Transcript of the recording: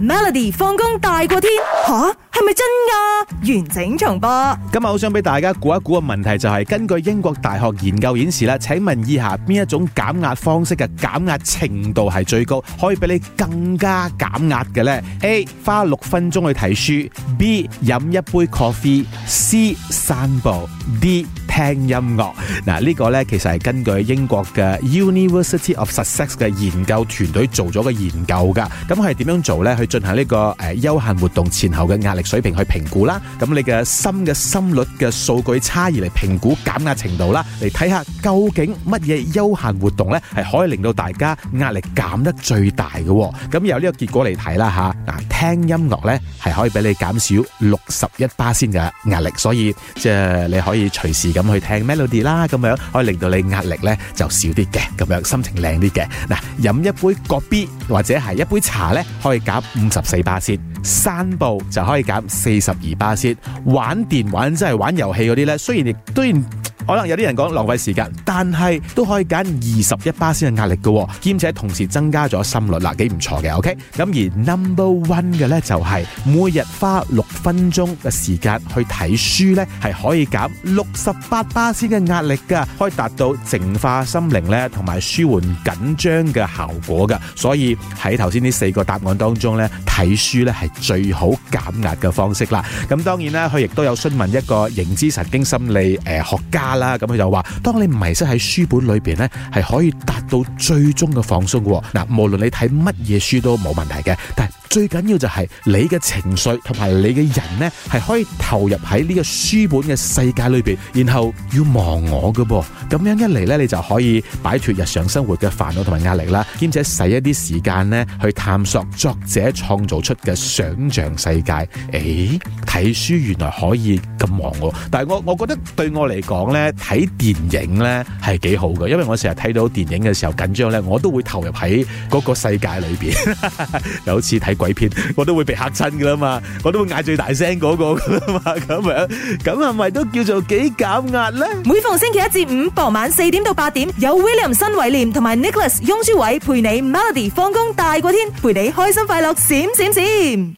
Melody 放工大過天吓，係咪真㗎？完整重播。今日我想俾大家估一估嘅問題就係，根據英國大學研究顯示啦，請問以下邊一種減壓方式嘅減壓程度係最高，可以俾你更加減壓嘅呢？A 花六分鐘去睇書，B 飲一杯 coffee，C 散步，D。聽音樂嗱呢個呢其實係根據英國嘅 University of Sussex 嘅研究團隊做咗個研究㗎，咁係點樣做呢？去進行呢個誒休閒活動前後嘅壓力水平去評估啦，咁你嘅心嘅心率嘅數據差異嚟評估減壓程度啦，嚟睇下究竟乜嘢休閒活動呢係可以令到大家壓力減得最大嘅，咁由呢個結果嚟睇啦吓，嗱聽音樂呢係可以俾你減少六十一巴仙嘅壓力，所以即係你可以隨時咁。去聽 melody 啦，咁樣可以令到你壓力呢就少啲嘅，咁樣心情靚啲嘅。嗱，飲一杯咖 b 或者係一杯茶呢，可以減五十四巴仙，散步就可以減四十二巴仙，玩電玩真係玩遊戲嗰啲呢，雖然亦都。可能有啲人講浪費時間，但係都可以減二十一巴仙嘅壓力嘅，兼且同時增加咗心率啦，幾唔錯嘅。OK，咁而 number one 嘅咧就係每日花六分鐘嘅時間去睇書咧，係可以減六十八巴仙嘅壓力噶，可以達到淨化心靈咧同埋舒緩緊張嘅效果噶。所以喺頭先呢四個答案當中咧，睇書咧係最好減壓嘅方式啦。咁當然啦，佢亦都有詢問一個認知神經心理誒學家。啦，咁佢就話：當你迷失喺書本裏邊呢，係可以達到最終嘅放鬆嘅。嗱，無論你睇乜嘢書都冇問題嘅。但最緊要就係你嘅情緒同埋你嘅人呢，係可以投入喺呢個書本嘅世界裏邊，然後要忘我嘅噃。咁樣一嚟呢，你就可以擺脫日常生活嘅煩惱同埋壓力啦。兼且使一啲時間呢，去探索作者創造出嘅想象世界。誒，睇書原來可以咁忘我。但係我我覺得對我嚟講呢，睇電影呢係幾好嘅，因為我成日睇到電影嘅時候緊張呢，我都會投入喺嗰個世界裏邊， 有次睇鬼片我都會被嚇親噶啦嘛，我都會嗌最大聲嗰個噶啦嘛，咁樣咁係咪都叫做幾減壓咧？每逢星期一至五傍晚四點到八點，有 William 新偉廉同埋 Nicholas 雍舒偉陪你 Melody 放工大過天，陪你開心快樂閃閃閃。閃閃閃閃